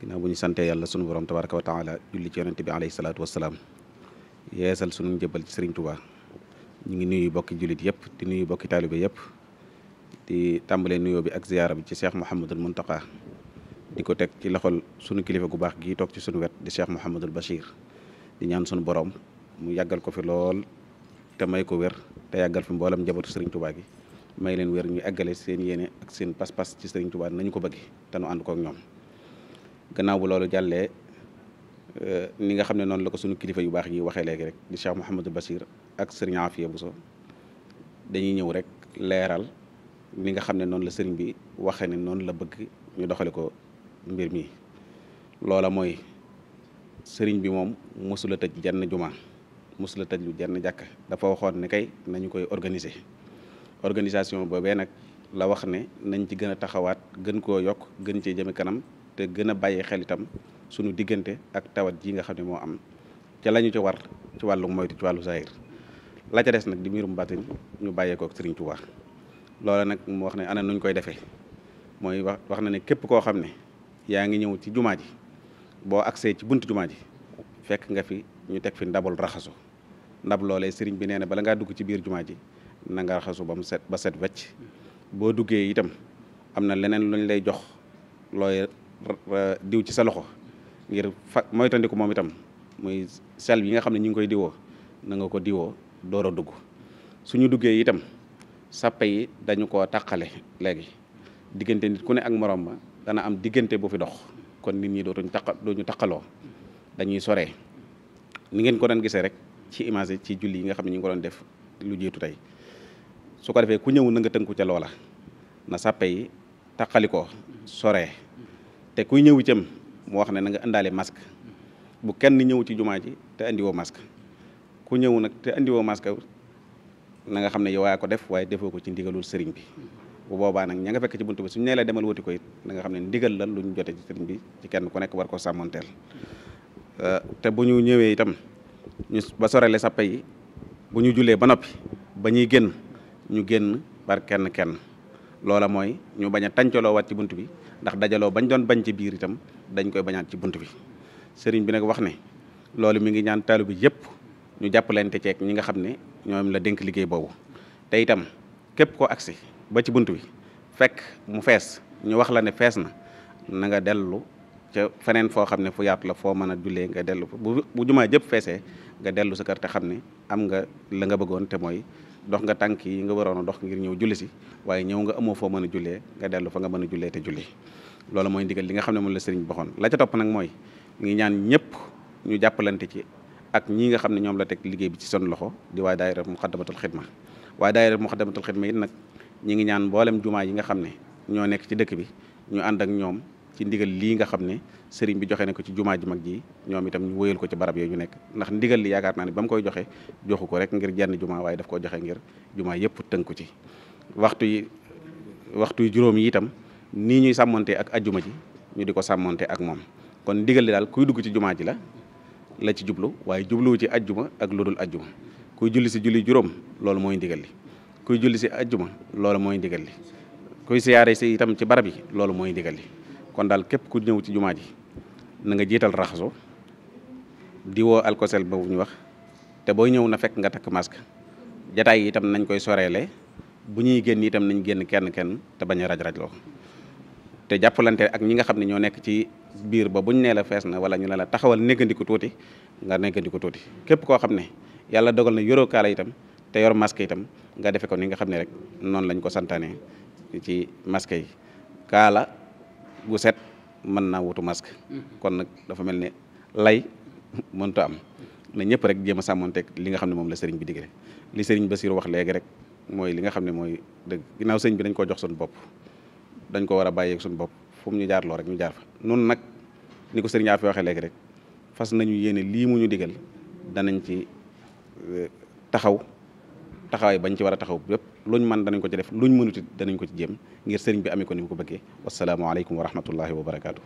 ginnaaw bu ñu santee yàlla sunu borom tabaraka wa taala julli ci yonente bi alayhi salaatu wasalaam yeesal sunu njëbal ci sëriñ Tuubaa ñu ngi nuyu bokki jullit yëpp di nuyu bokki taalibe yëpp di tàmbalee nuyoo bi ak ziyaara bi ci cheikh Mouhamadul Mountakha di ko teg ci loxol sunu kilifa gu baax gii toog ci sunu wet di cheikh Mouhamadul Bachir di ñaan sunu borom mu yàggal ko fi lool te may ko wér te yàggal fi mboolam njabootu sëriñ Tuubaa gi may leen wér ñu eggale seen yéene ak seen pas-pas ci sëriñ Tuubaa ko bëgg te nu ànd kook ñoom gannaaw bu loolu jàllee euh, ni nga xam ne noonu la ko suñu kilifa yu baax yi waxee léegi rek di Cheikh Mouhamadou Bassir ak sëriñ bu so dañuy ñëw rek leeral ni nga xam ne noonu la sëriñ bi waxee ne noonu la bëgg ñu doxale ko mbir mii loola mooy sëriñ bi moom mosula tëj jenn juma mosula tëj lu jenn jàkk dafa waxoon ne kay nañu koy organiser organisation boobee nag la wax ne nañ ci gën a taxawaat gën koo yokk gën cee jëme kanam te gën a bàyyi xel itam suñu diggante ak tawat jii nga xam ne moo am ca la ñu ci war ci wàllu moytu ci wàllu zahir la ca des nag di mbirum bàtin ñu bàyyeekoo ak Sëriñ Tuubaa loola nag mu wax ne ana nuñ koy defee mooy wax wax na ne képp koo xam ne yaa ngi ñëw ci jumaa ji boo agsee ci bunt jumaa ji fekk nga fi ñu teg fi ndabul raxasu ndab loolee sëriñ bi nee na bala ngaa dugg ci biir jumaa ji na nga raxasu ba mu set ba set wecc boo duggee itam am na leneen diw ci sa loxo ngir fa moytandiku moom itam muy sel yi nga xam ne ñu ngi koy diwoo na nga ko diwoo door a dugg suñu duggee itam sàppe yi dañu koo tàqale léegi diggante nit ku ne ak moroom ma dana am diggante bu fi dox kon nit ñi dootuñ taq dooñu taqaloo dañuy soree ni ngeen ko doon gisee rek ci image ci julli yi nga xam ne ñu ngi ko doon def lu jiitu tey su ko defee ku ñëw na nga tënku ca loola na sàppe yi taqalikoo soree te kuy ñëw itam mu wax ne na nga indaale masque bu kenn ñëw ci jumaa ji te indiwoo mask ku ñëw nag te indiwoo masque na nga xam ne yow yaa ko def waaye defoo ko ci ndigalul sëriñ bi bu boobaa nag ña nga fekk ci bunt bi suñu nee demal wuti ko it na nga xam ne ndigal la luñ jote ci sëriñ bi kenn ku nekk war ko sàmmonteel te bu ñu ñëwee itam ñu ba sorele sappe yi bu ñu julee ba noppi ba ñuy génn ñu génn par kenn kenn loola mooy ñu bañ a tàncaloo waat ci bunt bi ndax dajaloo bañ doon bañ ci biir itam dañ koy bañaat ci bunt bi sëriñ bi nag wax ne loolu mi ngi ñaan taalu bi yëpp ñu jàppalante ceeg ñi nga xam ne ñoom la dénk liggéey boobu tey itam képp koo agsi ba ci bunt bi fekk mu fees ñu wax la ne fees na na nga dellu ca feneen foo xam ne fu yaatu la foo mën a jullee nga dellu bu bu jumaa jëpp feesee nga dellu sa kër xam ne am nga la nga bëggoon te mooy dox nga tànk yi nga waroon a dox ngir ñëw julli si waaye ñëw nga amoo foo mën a jullee nga dellu fa nga mën a jullee te julli loolu mooy ndigal li nga xam ne moom la sëriñ boxoon la ca topp nag mooy ngi ñaan ñëpp ñu jàppalante ci ak ñi nga xam ne ñoom la teg liggéey bi ci soon loxo di waa daayira muxaddamatul xidma waaye daayira muxaddamatul xidma it nag ñi ngi ñaan mboolem jumaa yi nga xam ne ñoo nekk ci dëkk bi ñu ànd ak ñoom ci ndigal lii nga xam ne sëriñ bi joxe na ko ci jumaa ji mag ji ñoom itam ñu wëyal ko ci barab yooyu ñu nekk ndax ndigal li yaakaar naa ne ba mu koy joxe joxu ko rek ngir jenn jumaa waaye daf koo joxe ngir jumaa yëpp tënku ci waxtu yi waxtu yu juróom itam nii ñuy sàmmonte ak ajjuma ji ñu di ko sàmmonte ak moom kon ndigal daal kuy dugg ci jumaa ji la la ci jublu waaye jubluwu ci ajjuma ak lu dul ajjuma kuy julli si julli juróom loolu mooy ndigal li kuy julli si ajjuma loolu mooy ndigal li kuy siyaare si itam ci barab yi loolu mooy ndigal li kon daal képp ku ñëw ci jumaa ji na nga jiital raxasu di woo alkosel boobu ñu wax te booy ñëw na fekk nga takk masque jataay yi itam nañ koy soreele bu ñuy génn itam nañ génn kenn kenn te bañ a raj te jàppalante ak ñi nga xam ne ñoo nekk ci biir ba buñ nee la fees na wala ñu ne la taxawal néggandiku tuuti nga néggandiku tuuti képp koo xam ne yàlla dogal na yoro kaala itam te yor masque itam nga defe ko ni nga xam ne rek noonu lañ ko santaane ci masque yi kaala gu set mën naa wutu masque kon nag dafa mel ne lay mënta am na ñëpp rek jéem a sàmmoon teg li nga xam ne moom la sëriñ bi digee li sëriñ Basiru wax léegi rek mooy li nga xam ne mooy dëgg ginnaaw sëriñ bi dañ koo jox suñu bopp dañ ko war a bàyyeek suñu bopp fu mu ñu jaarloo rek ñu jaar fa nun nag ni ko sëriñ Afi waxee léegi rek fas nañu yéene lii mu ñu digal danañ ci euh, taxaw taxawaay bañ ci war taxaw yépp luñ mën danañ ko ci def luñ mënuti danañ ko ci jéem ngir sëriñ bi amee ko ni mu ko bëggee wasalaamualeykum wa rahmatullahi wa barakaatu.